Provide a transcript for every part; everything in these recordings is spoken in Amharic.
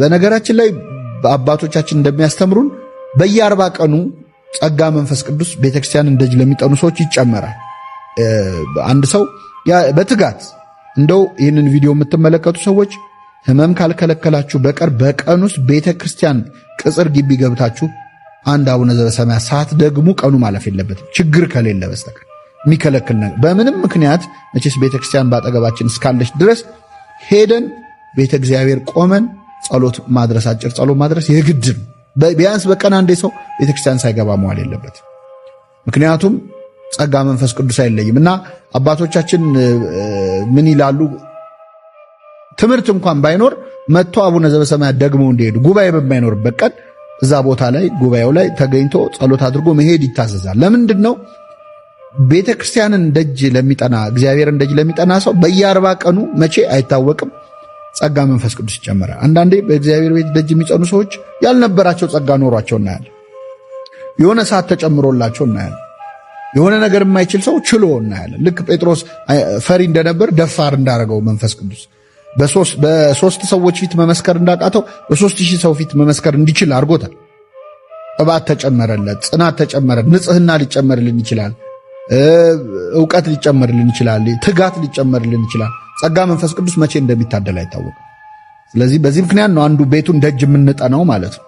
በነገራችን ላይ አባቶቻችን እንደሚያስተምሩን በየአርባ ቀኑ ጸጋ መንፈስ ቅዱስ ቤተክርስቲያን እንደጅ ለሚጠኑ ሰዎች ይጨመራል። አንድ ሰው በትጋት እንደው ይህንን ቪዲዮ የምትመለከቱ ሰዎች ህመም ካልከለከላችሁ በቀር በቀን ውስጥ ቤተ ክርስቲያን ቅጽር ግቢ ገብታችሁ አንድ አቡነ ዘበሰማያት ሰዓት ደግሞ ቀኑ ማለፍ የለበትም ችግር ከሌለ በስተቀር የሚከለክል ነገር በምንም ምክንያት መቼስ ቤተ ክርስቲያን በአጠገባችን እስካለች ድረስ ሄደን ቤተ እግዚአብሔር ቆመን ጸሎት ማድረስ አጭር ጸሎት ማድረስ የግድ ቢያንስ በቀን አንዴ ሰው ቤተክርስቲያን ሳይገባ መዋል የለበት። ምክንያቱም ጸጋ መንፈስ ቅዱስ አይለይም እና አባቶቻችን ምን ይላሉ? ትምህርት እንኳን ባይኖር መጥቶ አቡነ ዘበሰማያት ደግሞ እንዲሄዱ ጉባኤ በማይኖርበት ቀን እዛ ቦታ ላይ ጉባኤው ላይ ተገኝቶ ጸሎት አድርጎ መሄድ ይታዘዛል። ለምንድን ነው? ቤተክርስቲያንን ደጅ ለሚጠና እግዚአብሔርን ደጅ ለሚጠና ሰው በየአርባ ቀኑ መቼ አይታወቅም ጸጋ መንፈስ ቅዱስ ይጨመራል። አንዳንዴ በእግዚአብሔር ቤት ደጅ የሚጸኑ ሰዎች ያልነበራቸው ጸጋ ኖሯቸው እናያለን። የሆነ ሰዓት ተጨምሮላቸው እናያለን። የሆነ ነገር የማይችል ሰው ችሎ እናያለን። ልክ ጴጥሮስ ፈሪ እንደነበር ደፋር እንዳደረገው መንፈስ ቅዱስ በሶስት ሰዎች ፊት መመስከር እንዳቃተው በሶስት ሺህ ሰው ፊት መመስከር እንዲችል አድርጎታል። ቅባት ተጨመረለት፣ ጽናት ተጨመረ፣ ንጽህና ሊጨመርልን ይችላል፣ እውቀት ሊጨመርልን ይችላል፣ ትጋት ሊጨመርልን ይችላል። ጸጋ መንፈስ ቅዱስ መቼ እንደሚታደል አይታወቅም። ስለዚህ በዚህ ምክንያት ነው አንዱ ቤቱን ደጅ የምንጠናው ማለት ነው።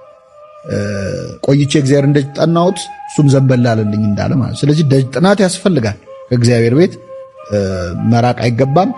ቆይቼ እግዚአብሔር እንደጅ ጠናሁት እሱም ዘንበል እንዳለ ማለት። ስለዚህ ደጅ ጥናት ያስፈልጋል። ከእግዚአብሔር ቤት መራቅ አይገባም።